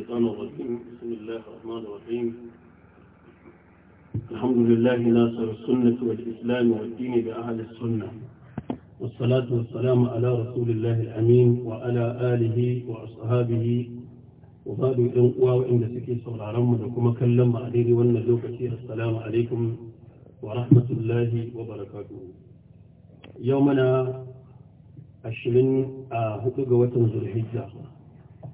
الشيطان الرجيم بسم الله الرحمن الرحيم الحمد لله ناصر السنة والإسلام والدين بأهل السنة والصلاة والسلام على رسول الله الأمين وعلى آله وأصحابه وبعد وإن سكي صلى رمى لكم كلم عليه والنزوك السلام عليكم ورحمة الله وبركاته يومنا ashirin a hudu ga watan zulhijja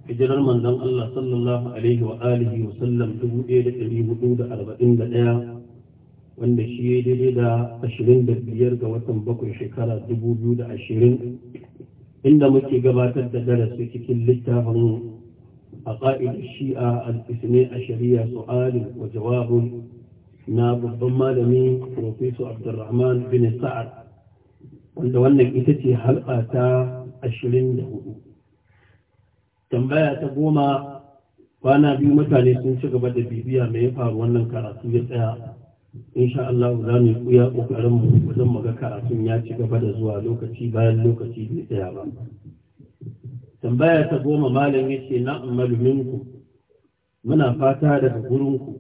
hijirar manzon Allah sallallahu alaihi wa alihi wa sallam 1441 wanda shi ya daidai da biyar ga watan bakwai shekara ashirin, inda muke gabatar da darasi cikin littafin عقائد الشيعة الاثنين عشرية سؤال وجواب ناب الضمى bin Sa'ad, wanda wannan ita ce وانك ta ashirin da hudu. tambaya ta goma kwana biyu mutane sun ci gaba da bibiya mai ya faru wannan karatu ya tsaya insha Allah za mu kuya kokarin mu wajen muga karatun ya ci gaba da zuwa lokaci bayan lokaci bai tsaya ba tambaya ta goma malam yace na amalu minku muna fata daga gurin ku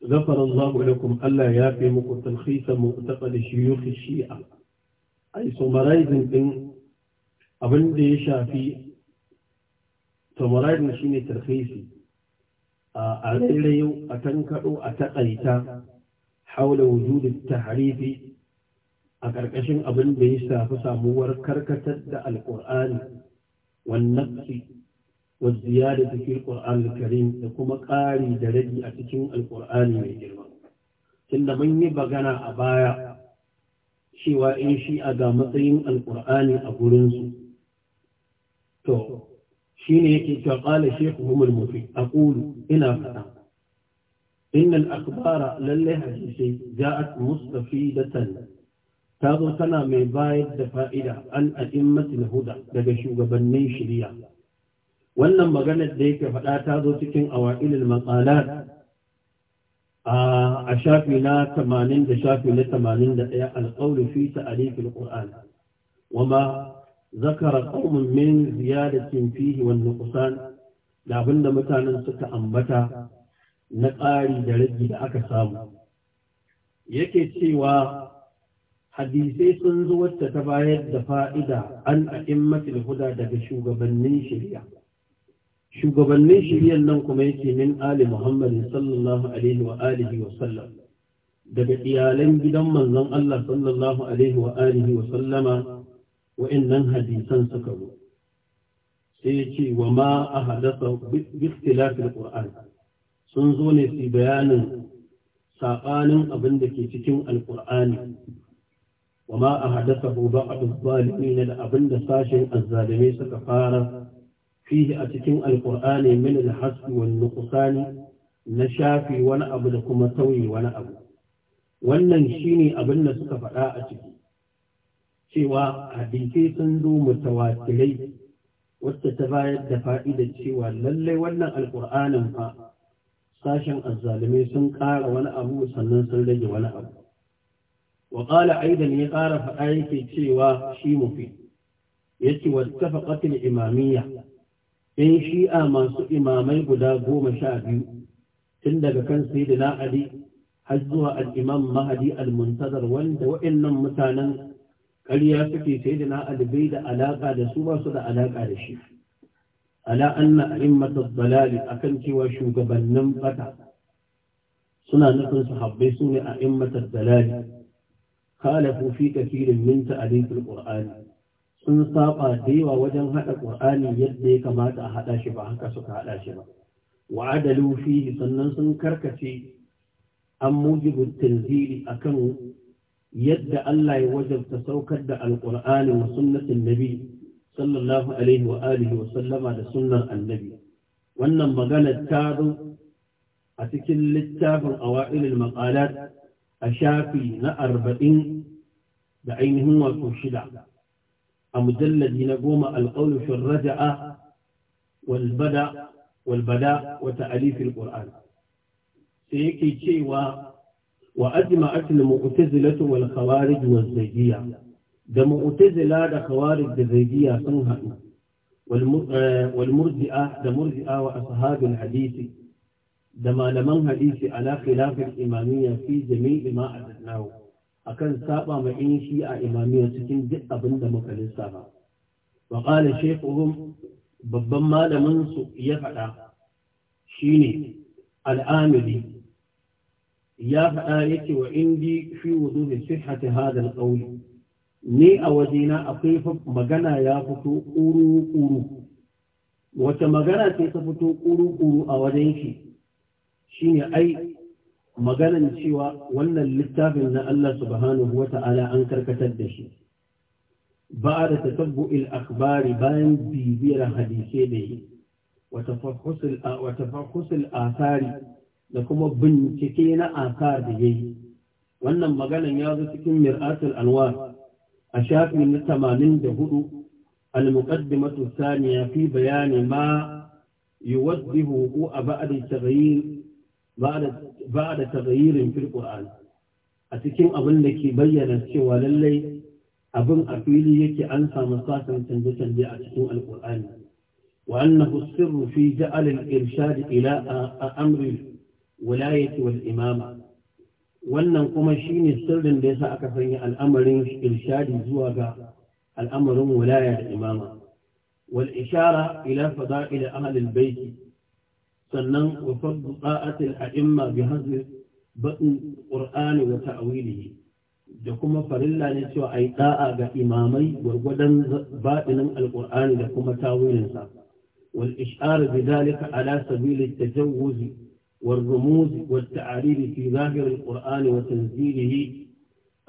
غفر الله لكم ألا يافي مكو تلخيص معتقد شيوخ الشيعة أي سمرايزن abin da ya shafi tomorain shi ne tarfesi a tsere yau a tankaɗo a taƙaita haula wujudin tahrifi a ƙarƙashin abin da ya shafi samuwar karkatar da alƙur'ani wannan shi wa ziyada cikin ƙur'an karim da kuma ƙari da rage a cikin alƙur'ani mai girma tun da mun yi bagana a baya cewa in shi a ga matsayin alƙur'ani a gurinsu to shi ne yake cewa ƙala shekhu humul mufi a ƙulu ina faɗa inna al'akbara lallai hadisai ja'at mustafi da ta zo tana mai bayar da fa'ida an na huda daga shugabannin shirya wannan maganar da yake faɗa ta zo cikin awa'ilul matsalar. a shafi na 80 da shafi na 81 alqawlu fi ta'rifil qur'an wama ذكر قوم من زيادة فيه والنقصان لابن متانا سكا أنبتا نقاري درجي لأكا سامو يكي تيوا حديثي سنزو التتبايد دفائدة عن أئمة الهدى دك شوغبنين شريع شوغبنين شريع ننكم يكي من آل محمد صلى الله عليه وآله وسلم daga iyalan gidan manzon Allah sallallahu alaihi wa alihi wa sallama wa'annan hadisan suka zo sai ya ce wa ma a hadasa bikhtilafil qur'an sun zo ne su bayanin saɓanin abin da ke cikin alƙur'ani wa ma a hadasa ba a zalimi da abin da sashen azzalime suka fara fihi a cikin alƙur'ani min alhasbi wani nukusani na shafi wani abu da kuma tauye wani abu wannan shine abin da suka faɗa a ciki cewa hadisai sun zo mutawatirai wacce ta bayar da fa'ida cewa lallai wannan alƙur'anin fa sashen azzalumai sun ƙara wani abu sannan sun rage wani abu wa ƙala aidan ya ƙara faɗa yake cewa shi mufi ya ce wata faƙatin imamiyya ɗin shi'a masu imamai guda goma sha biyu tun daga kan sai da na'adi har zuwa al'imam mahadi al-muntazar wanda wa'annan mutanen ƙarya suke sai da na alibai da alaƙa da su ba su da alaƙa da shi ala anna a'immatul dalali akan cewa shugabannin bata suna nufin sahabbai su ne a'immatul dalali khalafu fi kathirin min ta'alifil qur'ani sun saba da yawa wajen hada qur'ani yadda ya kamata a hada shi ba haka suka hada shi ba wa adalu fihi sannan sun karkace an mujibu tanzili akan yadda Allah ya wajabta saukar da alƙur'ani wa sunnatin nabi sallallahu alaihi wa alihi wa sallama da sunnar annabi wannan magana ta zo a cikin littafin awa'ilul maqalat a shafi na arba'in da ainihin wato shida a mujalladi na goma alƙawlu fi raja'a wal bada wal bada wa sai yake cewa wa ajma'at al-mu'tazila wal khawarij wal zaydiyya da mu'tazila da khawarij da zaydiyya sun haɗu murji'a da murji'a wa ashabul hadisi da malaman hadisi ala khilafin imamiyya fi jami'i ma adadnahu akan saba ma in shi a imamiyya cikin duk abin da muka lissafa wa babban malamin su ya faɗa shine al'amili ya faɗa ce wa indi fi wuduhi sihhati hadha al ni a wajena akwai magana ya fito kuru kuru wace magana ce ta fito kuru kuru a wajen shi shine ai maganan cewa wannan littafin na Allah subhanahu ta'ala an karkatar da shi ba da tatabbu'il akhbari bayan bibiyar hadisai da yi wa tafakkusul asari da kuma bincike na asar da yayi wannan maganan ya zo cikin mir'atul anwar a shafi na 84 المقدمة الثانية في بيان ما يوجه وقوع بعد التغيير بعد بعد تغيير في القرآن أتكين أبن لك بيّن سوى للي أبن أفيلي يكي أنسى مصاصا تنجسا بأتكين القرآن وأنه السر في جعل الإرشاد إلى أمر wilayati wal imama wannan kuma shine sirrin da yasa aka sanya al'amarin irshadi zuwa ga al'amarin wulaya da imama wal ishara ila fada'il ahli al sannan wa fadl ta'ati al-a'imma bi hazl batn qur'ani wa ta'awilihi. da kuma farilla ne cewa ayi da'a ga imamai gurgudan baɗinin alƙur'ani da kuma tawilinsa wal ishara bi dhalika ala sabil at والرموز والتعاليل في ظاهر القرآن وتنزيله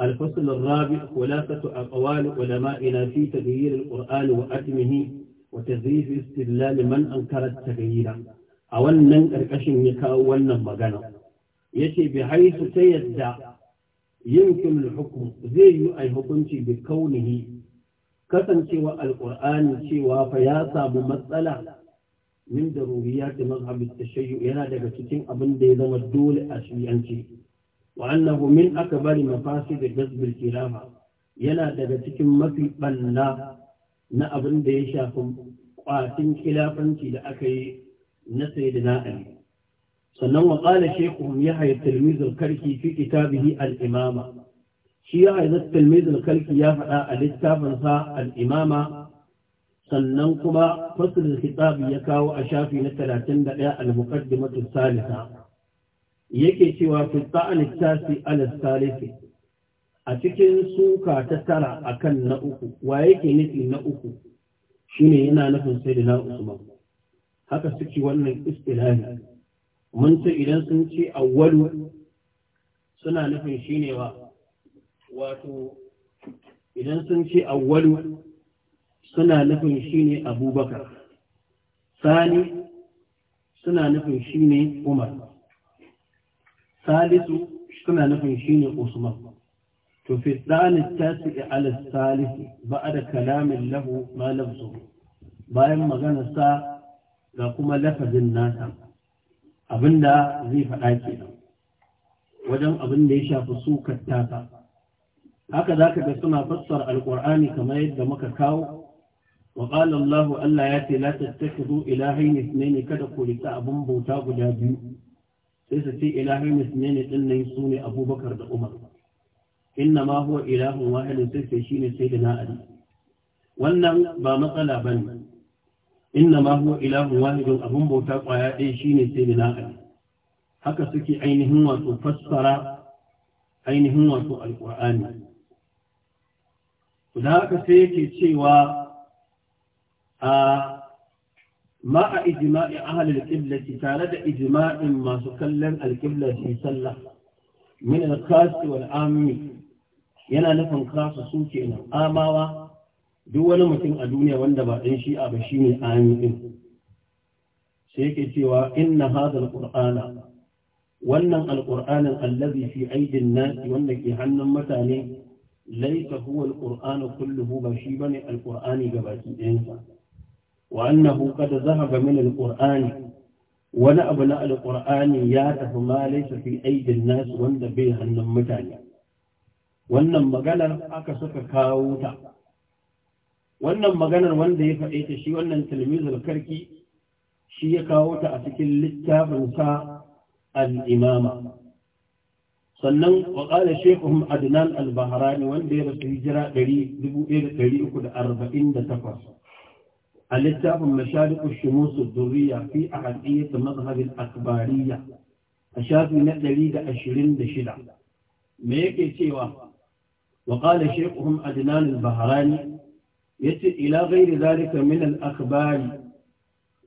الفصل الرابع خلاصة أقوال علمائنا في تغيير القرآن وأتمه وتزييف استدلال من أنكر التغيير أولا أركشن أولا مغانا يتي بحيث تيدع يمكن الحكم زي أي حكم بكونه كثن سوى القرآن سوى فياسى بمسألة min daruriyat mazhab at-tashayyu yana daga cikin abin da ya zama dole a shi'anci wa annahu min ma mafasid jazb al-khilafa yana daga cikin mafi banna na abin da ya shafi kwatin kilafanci da aka yi na sayyidina ali sannan wa qala shaykhuhum yahya at al-karki fi kitabihi al-imama shi ya at-tilmiz al-karki ya faɗa a littafinsa al-imama sannan kuma fasirin kitab ya kawo a shafi na 31 al-muqaddimatu salisa yake cewa fi ta'an tasi ala salisi a cikin suka ta tara akan na uku wa yake nufi na uku shine yana nufin sai sayyidina Usman haka suke wannan istilahi mun ce idan sun ce awwalu suna nufin shine wa wato idan sun ce awwalu suna nufin shine abubakar sani suna nufin shine umar salisu suna nufin shine usman to fi tsanin tasiri ala salisu ba a da kalamin lahu ma lafzu bayan magana sa ga kuma lafazin nasa abinda zai faɗa nan wajen abin da ya shafi sukar kattaka. haka za ka ga suna fassara alƙur'ani kamar yadda muka kawo وقال الله ألا ياتي لا تتخذوا إلهين اثنين كذا قلت أبو بوتا قدابي سيستي إلهين اثنين إن يسوني أبو بكر أمر إنما هو إله واحد سيستشين سيدنا علي wannan ba matsala ba ne inna ma huwa ilahun wahidun abun bauta kwaya ɗaya shine sai da na'ari haka suke ainihin wato fassara ainihin wato da haka sai yake cewa مع إجماع أهل القبلة تارد إجماع ما سكلم القبلة في سلة من الخاص Ammi yana nufin kasa su ke nan amawa duk wani mutum a duniya wanda ba ɗan shi'a ba shi ne amin sai yake cewa inna hada alƙur'ana wannan alƙur'anin allazi fi aidin nasi wanda ke hannun mutane laisa huwa alƙur'ana kulluhu ba shi bane alƙur'ani ga baki wa annahu qad zahaba min alqur'ani wani abu na Alƙur'ani ya tafi ma laysa fi aidin nas wanda bai hannun mutane wannan maganar aka suka kawo ta wannan maganar wanda ya faɗe ta shi wannan tilmizul karki shi ya kawo ta a cikin littafin sa al'imama. sannan wa qala ma'adinan adnan al-bahrani wanda ya rasu hijira ɗari da 1348 الاتفاق مشارق الشموس الدورية في أحدية مذهب الأكبارية أشاف من الدليل أشرين دشدع ميك سوى وقال شيخهم أدنان البهراني يتي إلى غير ذلك من الأخبار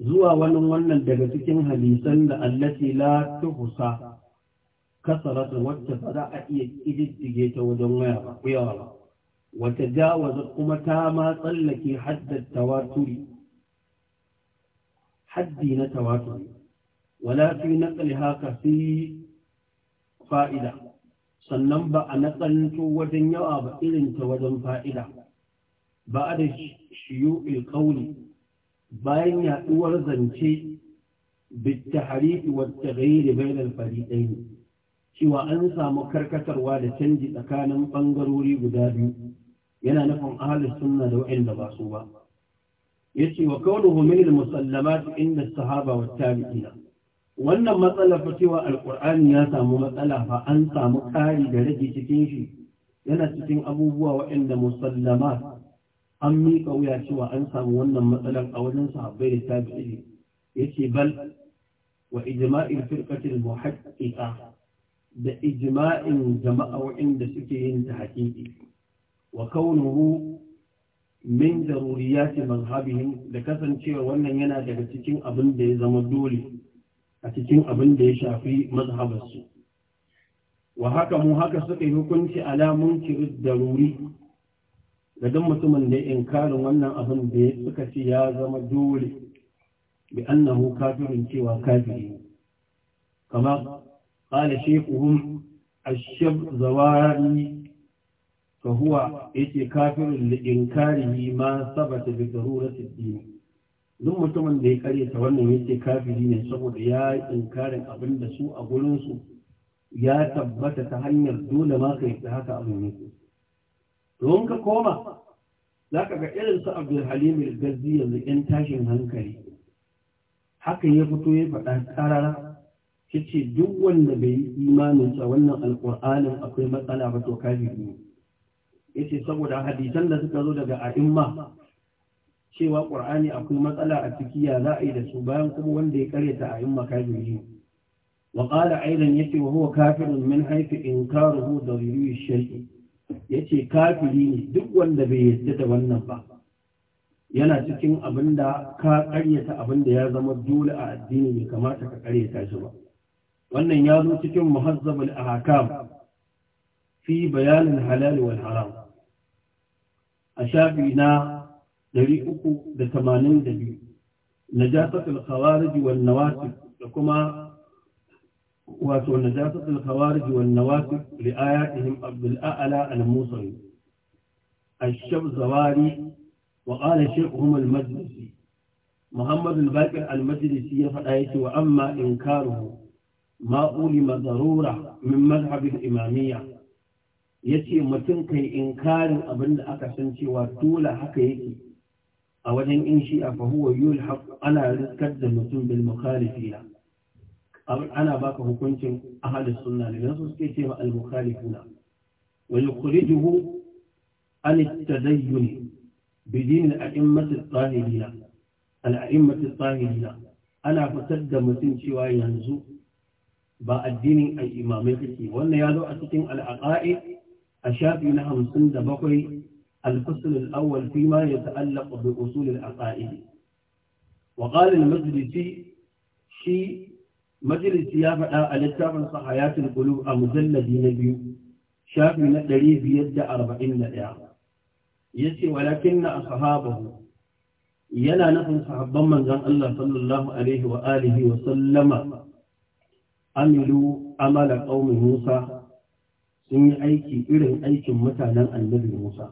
زوى ونوانا الدقتين حديثا التي لا تحصى كثرة واتفرع إذ تجيت ودمير وتجاوز قمتها ما طلك حد التواتر haddi na tawatur wala fi naqli haka fi fa'ida sannan ba a naƙalinto wajen yawa ba irin ta wajen fa'ida ba a da shiyu ilƙauli bayan yaɗuwar zance bitta harifi wata gairi bainar ɗaya ne cewa an samu karkatarwa da canji tsakanin ɓangarori guda biyu yana nufin ahalar sunna da wa'in da ba su ba yace wa kaunuhu min al-musallamat inda sahaba wa tabi'ina wannan matsala fa cewa alqur'ani ya samu matsala fa an samu kari da rage cikin shi yana cikin abubuwa waɗanda musallamat an miƙa wuya cewa an samu wannan matsalar a wajen sahabbai da tabi'i yace bal wa ijma'il firqati al-muhaqqiqa da ijma'in jama'a waɗanda suke yin ta haƙiƙi wa kaunuhu min daruriyati manhabihim da kasancewa wannan yana daga cikin abin da ya zama dole a cikin abin da ya shafi mazhabarsu wa haka mu haka suka yi hukunci ala munkirin daruri Da duk mutumin da inkarin wannan abin da ya suka ce ya zama dole bi annahu kafirin cewa kafiri kamar qala shaykhuhum ash-shab zawari fa huwa yake kafirin li inkarihi ma sabata bi darurati ad duk mutumin da ya ta wannan yake kafiri ne saboda ya inkarin abin da su a gurinsu ya tabbata ta hanyar dole ma ka yi haka abin yake don ka koma za ka ga irin su abdul halim gazi yanzu yan tashin hankali haka ya fito ya faɗa karara ya ce duk wanda bai yi imaninsa wannan alƙur'anin akwai matsala ba to kafiri ne yace saboda hadisan da suka zo daga a'imma cewa qur'ani akwai matsala a ciki ya za a yi da su bayan kuma wanda ya karyata a'imma kafiri wa qala aidan yace wa huwa kafirun min haythu inkaruhu daruri shay'i yace kafiri ne duk wanda bai yarda da wannan ba yana cikin abin da ka karyata abin da ya zama dole a addini bai kamata ka karyata shi ba wannan ya zo cikin muhazzabul ahkam fi bayanin halal wal haram a shafi na 382 najasatul khawarij wal nawasib da kuma wato najasatul khawarij wal nawasib li ayatihim abdul a'la al musawi الشبزواري وقال شيخهم المجلسي محمد الباكر المجلسي يفعيت وأما إنكاره ما أولم ضرورة من مذهب الإمامية ya ce mutum kai inkarin abin da aka san cewa dole haka yake a wajen in shi a fahuwa yul ana riskar da mutum bil mukhalifina ana baka hukuncin ahalus sunna ne dan cewa al mukhalifuna wa yukhrijuhu an tadayyun bi din al a'immat at al ana fitar da mutum cewa yanzu ba addinin al-imamai kake wannan ya zo a cikin al-aqaid a shafi na hamsin da bakwai الفصل الأول فيما يتعلق بأصول العقائد وقال المجلسي شي مجلس يا فدا على كتاب صحيات القلوب مجلد نبي شاف من قريب يد 41 يسي ولكن أصحابه ينا نفن صحابا من زن الله صلى الله عليه وآله وسلم عملوا عمل قوم موسى sun yi aiki irin aikin mutanen annabi Musa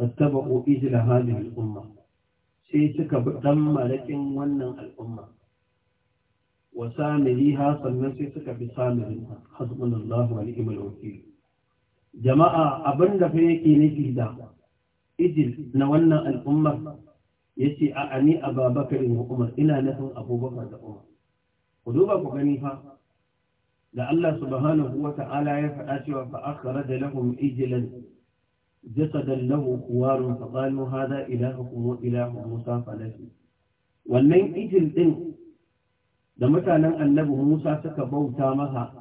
fattaba'u ijla hadhihi al al'umma. sai suka bi dan malakin wannan al'umma wa ha sannan sai suka bi samirin hasbunallahu wa ni'mal wakil jama'a abinda fa yake nufi da ijil na wannan al'ummar yace a ani ababakar wa umar ina nufin abubakar da umar ku duba ku gani fa da Allah subhanahu wa ta'ala ya faɗa cewa fa da lahum ijlan jasadan lahu kuwarun fa qalu hadha ilahukum wa ilahu musa falasi wannan ijil din da mutanen annabi Musa suka bauta masa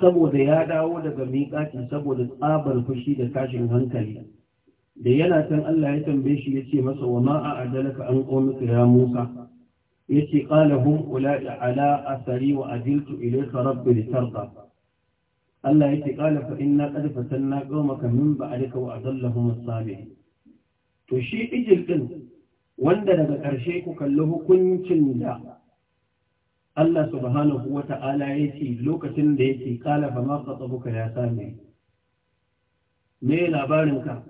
saboda ya dawo daga miƙaƙi saboda tsabar fushi da tashin hankali da yana can Allah ya tambaye shi ya ce masa wa ma'a adalaka an ƙomika ya Musa yace qala hum ula'i ala asari wa ajiltu ilayka rabbi litarda Allah yace qala fa inna qad fatanna qaumaka min ba'dika wa adallahum as-sabiq to shi ijil ɗin, wanda daga ƙarshe ku kalli hukuncin da Allah subhanahu wa ta'ala yace lokacin da yake qala fa ma khatabuka ya sami me labarin ka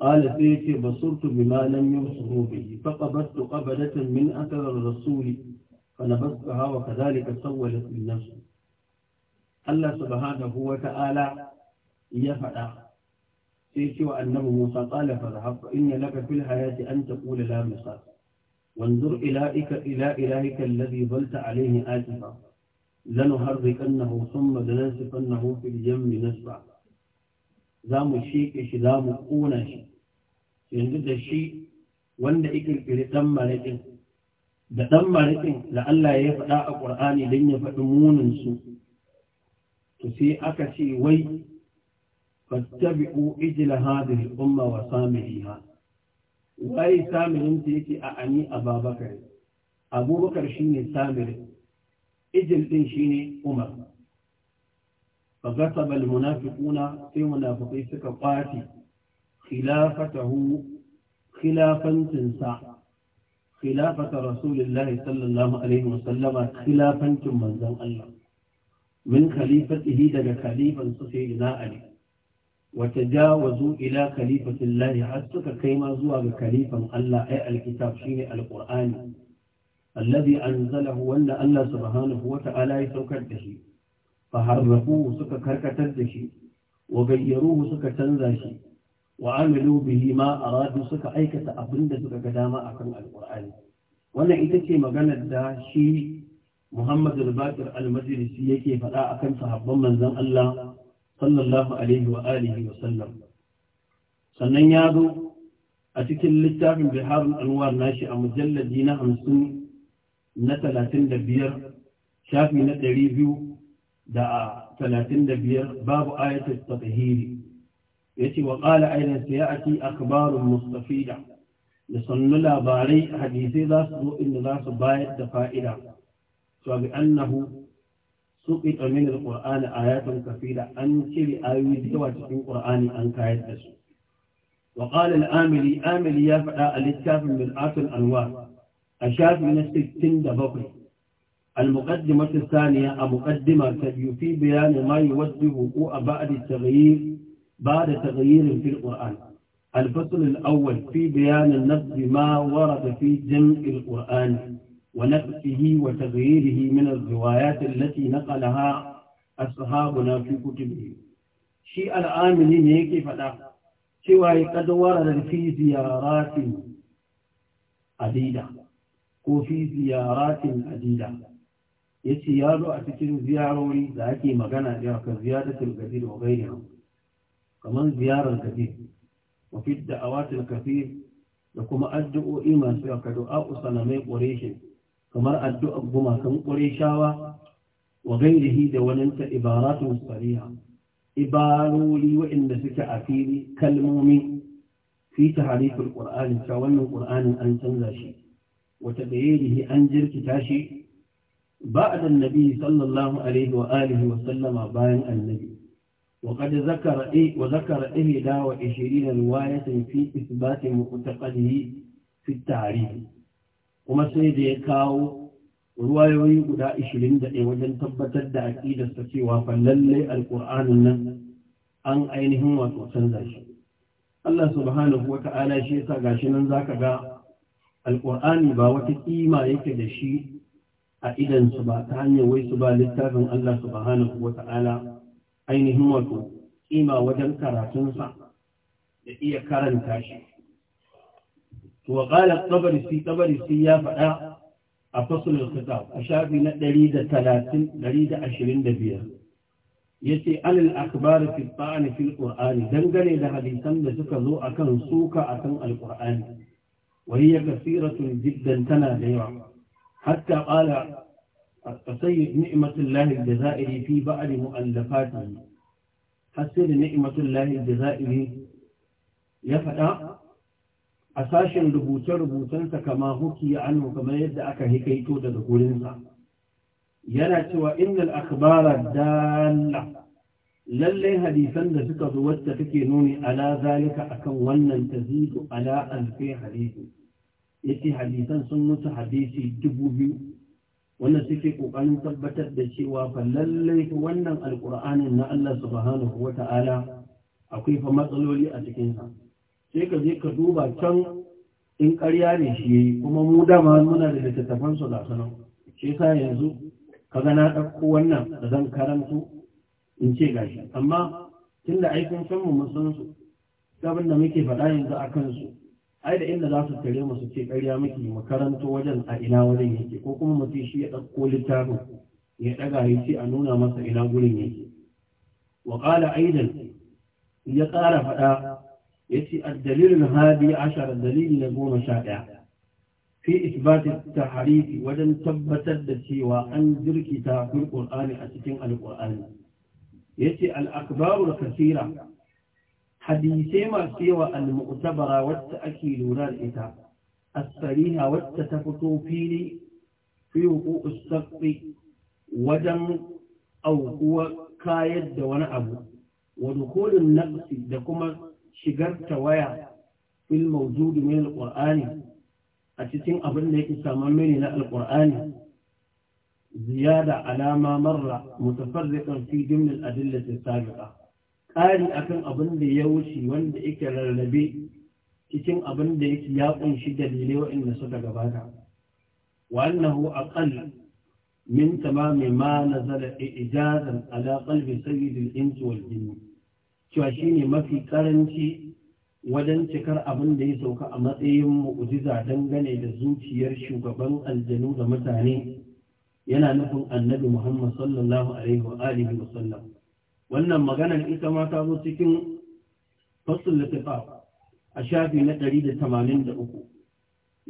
قال فيك بصرت بما لم يبصروا به فقبضت قبلة من أثر الرسول فنبذتها وكذلك سولت من الله سبحانه وتعالى يفعل فيك وأنه موسى قال فذهب فإن لك في الحياة أن تقول لا مساس وانظر إليك إلى إلهك الذي ظلت عليه آتفا لنهرقنه ثم لننسفنه في اليم نسبا za مشيك sheƙe shi شيك yanzu da shi wanda ya kirkiri ɗan maraƙin da ɗan maraƙin da Allah ya faɗa a ƙur'ani don ya faɗi muninsu to sai aka ce wai fattabi'u ijila hadhihi umma wa samiriha wai samirin ta yake a ani ababakar abubakar ne samirin ijil shi shine umar fagasabal gasaba munafiquna sai munafiqai suka kwati khilafatahu khilafantinsa khilafata rasulillahi sallallahu alaihi wa sallama khilafantin manzon Allah min khalifatihi daga khalifan su sai ina ali wa tajawazu ila khalifatillahi har suka kai ma zuwa ga khalifan Allah ai alkitab shine Allah الذي أنزله وأن الله سبحانه وتعالى يسوكر دشي فحرفوه سكا كركتر دشي وغيروه canza تنزاشي wa amilu bihi ma aradu suka aikata abin da suka ga dama akan al'kur'ani. wannan ita ce maganar da shi Muhammad al-Baqir al-Majlisi yake faɗa akan sahabban manzon Allah sallallahu alaihi wa wa sallam sannan ya zo a cikin littafin biharin Anwar nashi a mujalladi na 50 na 35 shafi na 200 da a 35 babu ayatul tahiri يتي وقال أيضا سيأتي أخبار مستفيدة لصن الله باري حديثي ذا سبو إن ذا سباية دفائدة فبأنه سقط من القرآن آيات كثيرة أنكر آيات وتقن القرآن أن كايد وقال الآملي آملي يفعل الاتكاف من آت الأنوار أشاف من الستين دبقي المقدمة الثانية المقدمة تجي في بيان ما يوجه وقوع بعد التغيير بعد تغيير في القرآن الفصل الأول في بيان النقد ما ورد في جمع القرآن ونقده وتغييره من الروايات التي نقلها أصحابنا في كتبه شيء الآمنين كيف فلا سوى قد ورد في زيارات عديدة وفي زيارات عديدة يسيار أتكين زيارة ذاكي مغانا يرك زيادة الغزير وغيرها kamar ziyarar kafi mafi da'awatul kafir da kuma addu'o'i masu yawa ka du'a usanamai ƙureshi kamar addu'ar gumakan ƙureshawa wa gairihi da ta ibaratun sariya ibarori waɗanda suke a fili kalmomi fi ta harifin ƙur'anin ta wannan ƙur'anin an canza shi wata ɗayerihi an jirkita shi ba a nabi sallallahu alaihi wa alihi wa sallama bayan annabi وقد ذكر إيه وذكر إحدى وعشرين رواية في إثبات معتقده في التعريف وما سيد يكاو رواية قد عشرين دقيقة وجن تبتت دعيد السكيوة فللي القرآن أن أينهم وتوسنزاش الله سبحانه وتعالى شيء ساقاشنا ذاك القرآن باوتك إيما يكدشي أئذن سبا تعني ويسبا للتابن الله سبحانه وتعالى ainihin wato kima wajen karatunsa da iya karanta shi. Wa ƙala tabarisi tabarisi ya faɗa a fasulun kitab a shafi na biyar. ya ce alil akbar fi ta'ani fil qur'ani dangane da hadisan da suka zo a kan suka akan alqur'ani wa hiya kasiratun jiddan tana da yawa hatta qala السيد نعمة الله الجزائري في بعض مؤلفاته حسن نعمة الله الجزائري يفعل أساشا ربوتا ربوتا كما هكي عنه كما يدعك هكيتو دكولنسا yana cewa innal akhbara dalla lallai hadisan da suka zo wacce take nuni ala zalika akan wannan tazidu ala alfi hadisi yace hadisan sun mutu hadisi dubu biyu wannan suke ƙoƙarin tabbatar da cewa fa lallai wannan alƙur'anin na Allah subhanahu ta'ala akwai fa matsaloli a cikinsa sai ka je ka duba can in ƙarya ne shi kuma mu dama muna da littattafan su ga sanan shi yasa yanzu kaga na ɗauko wannan da zan karanto in ce gashi amma tunda aikin san mu mun san su abin da muke faɗa yanzu a kansu ai da inda za su tare mu su ce ƙarya miki makaranto wajen a ina wajen yake ko kuma mutum shi ya ɗauko littafin ya ɗaga ya ce a nuna masa ina gurin yake wa ƙala aidan ya ƙara faɗa ya ce a dalilin hadi ashara dalili na goma sha ɗaya fi isbatin harifi wajen tabbatar da cewa an jirkita fil ƙur'ani a cikin Ya yace al'akbaru da kasira hadisai masu yawa al-mu'tabara wacce ake lura da ita as-sariha wacce ta fito fili fi hukukus safi wajen aukuwa kayar da wani abu wa dukulun da kuma shigar ta waya fil mawjudi min al-qur'ani a cikin abin da yake saman mini na al-qur'ani ziyada alama marra mutafarriqan fi dimn al-adillati sabiqah ƙari akan abin da ya wuce wanda yake rarrabe cikin abin da yake ya ƙunshi dalilai waɗanda suka gabata wa a aqall min tamami ma nazala ijazan ala qalbi sayyidil insi wal jinn cewa shine mafi karanci wajen cikar abin da ya sauka a matsayin mu'jiza dangane da zuciyar shugaban aljanu da mutane yana nufin annabi Muhammad sallallahu alaihi wa alihi wa sallam wannan maganar ita ma ta zo cikin fasul latifa a shafi na 183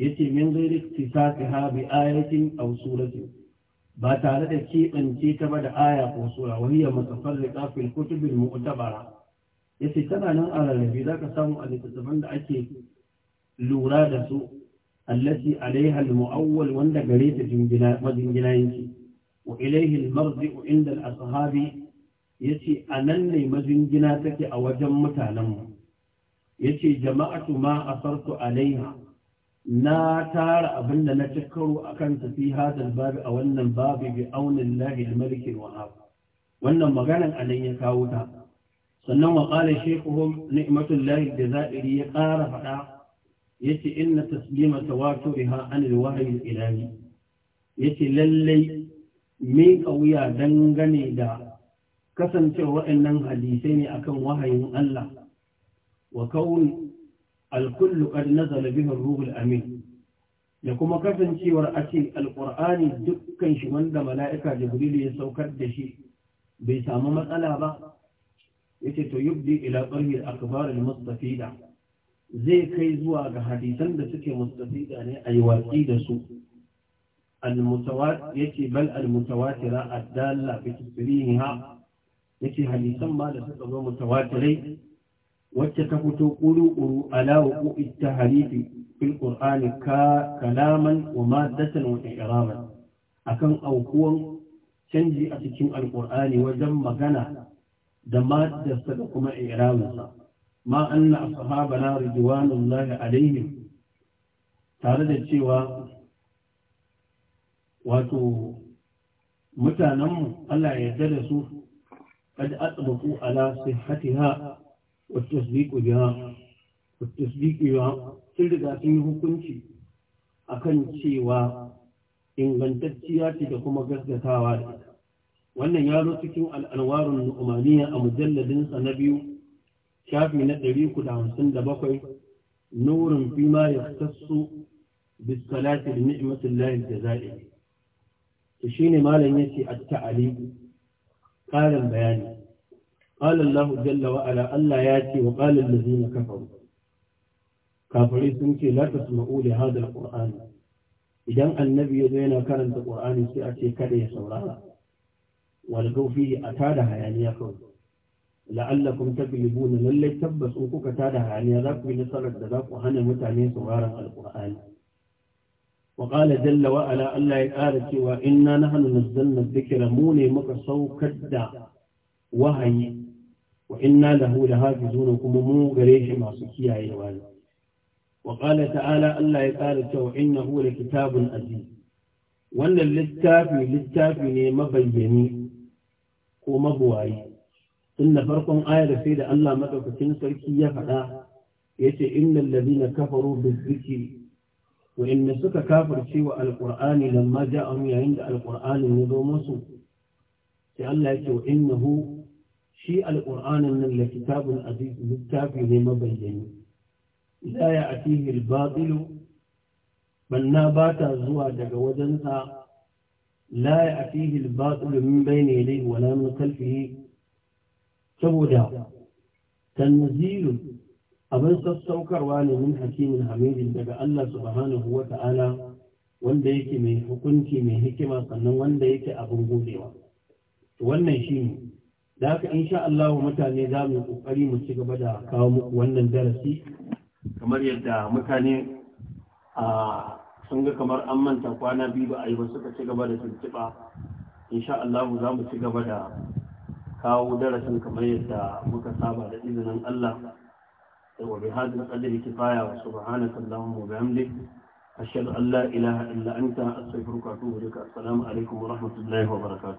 yace min ghairi tisati ha bi ayatin aw suratin ba tare da keɓance ta ba da aya ko sura wani ya mutafarriqa fil kutubil mu'tabara yace tana nan a rarrabe zaka samu a littattafan da ake lura da su allati alaiha al-mu'awwal wanda gare ta jingina majingina yake wa ilaihi al-marji'u inda al-ashabi ya ce a nan ne mazingina take a wajen mutanenmu ya ce jama'atu ma a farko alaiha na tara abin da na ci karo a kan tafi hadal babi a wannan babi bi aunin lahi da mulkin wahab wannan maganan a nan ya kawo ta sannan wa ƙala shekuhum lahi da za'iri ya ƙara faɗa ya ce inna taslima tawato riha anil wahayin ilahi ya ce lallai mai ƙauya dangane da kasancewa waɗannan hadisai ne akan wahayin Allah wa kauni alkullu qad nazala bihi ruhul amin da kuma kasancewar a ce alqur'ani dukkan shi wanda mala'ika jibril ya saukar da shi bai samu matsala ba ce to yubdi ila qalbi al-akbar mustafida zai kai zuwa ga hadisan da suke mustafida ne ayi watsi da su al-mutawat yace bal al-mutawatira ad-dalla bi tasrihiha yace hadisan ma da suka zo mutawatirai wacce ta fito ƙuru kuru ala ita tahrifi fil ƙur'ani ka kalaman wa ma datan wa a akan aukuwan canji a cikin alƙur'ani wajen magana da ma da kuma i'rabansa ma anna na ridwanullahi alaihim tare da cewa wato mutanenmu Allah ya yarda da su قد أطبقوا على صحتها والتصديق بها والتصديق بها سلقا فيه كنت أكن سوى إن غنتتيات لكم غزتها وارد wannan yaro cikin al'anwarun nu'umaniya a mujalladinsa na biyu shafi na ɗari da hamsin da bakwai nurin fima ya tassu bisalatin ni'imatin layin da za'i to shi ne malam ya ce a ƙarin bayani قال الله جل وعلا ألا ياتي وقال الذين كفروا كافرين سنكي لا تسمعوا لهذا القرآن إذا النبي يدينا كرنت القرآن سيأتي كريه سورارا ولقوا فيه أتادها يعني يقول لعلكم تقلبون للي تبس أنكو كتادها يعني ذاك بنصر الدذاك وهنا متعني سورارا القرآن وقال جل وعلا الله يقال سوى إنا نحن نزلنا الذكر موني مكسو كدا وهي وإنا له لهاجزون كما مو غريش ما سكيا يوال وقال تعالى الله يقال سوى إنه لكتاب عزيز وأن للتافي للتافي مبيني وما بواي إن فرق آية سيدة الله مدوكتين سركي يفعل يتي إن الذين كفروا بالذكر wa'inda suka kafirce wa alƙur'ani lamma ja'amu yayin da alƙur'anin ya zo musu sai Allah ya ce innahu shi alƙur'anin nan da kitabun aziz littafi ne mabayyani la ya'tihi al-batil banna ba ta zuwa daga wajensa la ya'tihi al-batil min bayni yadayhi wala min khalfihi saboda tanzilun abin sassaukarwa ne min hakimin hamidin daga Allah subhanahu wa ta'ala wanda yake mai hukunci mai hikima sannan wanda yake abin godewa wannan shi ne da haka insha Allah mutane za mu kokari mu ci gaba da kawo muku wannan darasi kamar yadda mutane a sun ga kamar an manta kwana biyu ba a yi ba suka ci gaba da tuntuɓa insha Allah za mu ci gaba da kawo darasin kamar yadda muka saba da izinin Allah وبهذا القدر كفاية وسبحانك اللهم وبحمدك أشهد أن لا إله إلا أنت أستغفرك وأتوب إليك السلام عليكم ورحمة الله وبركاته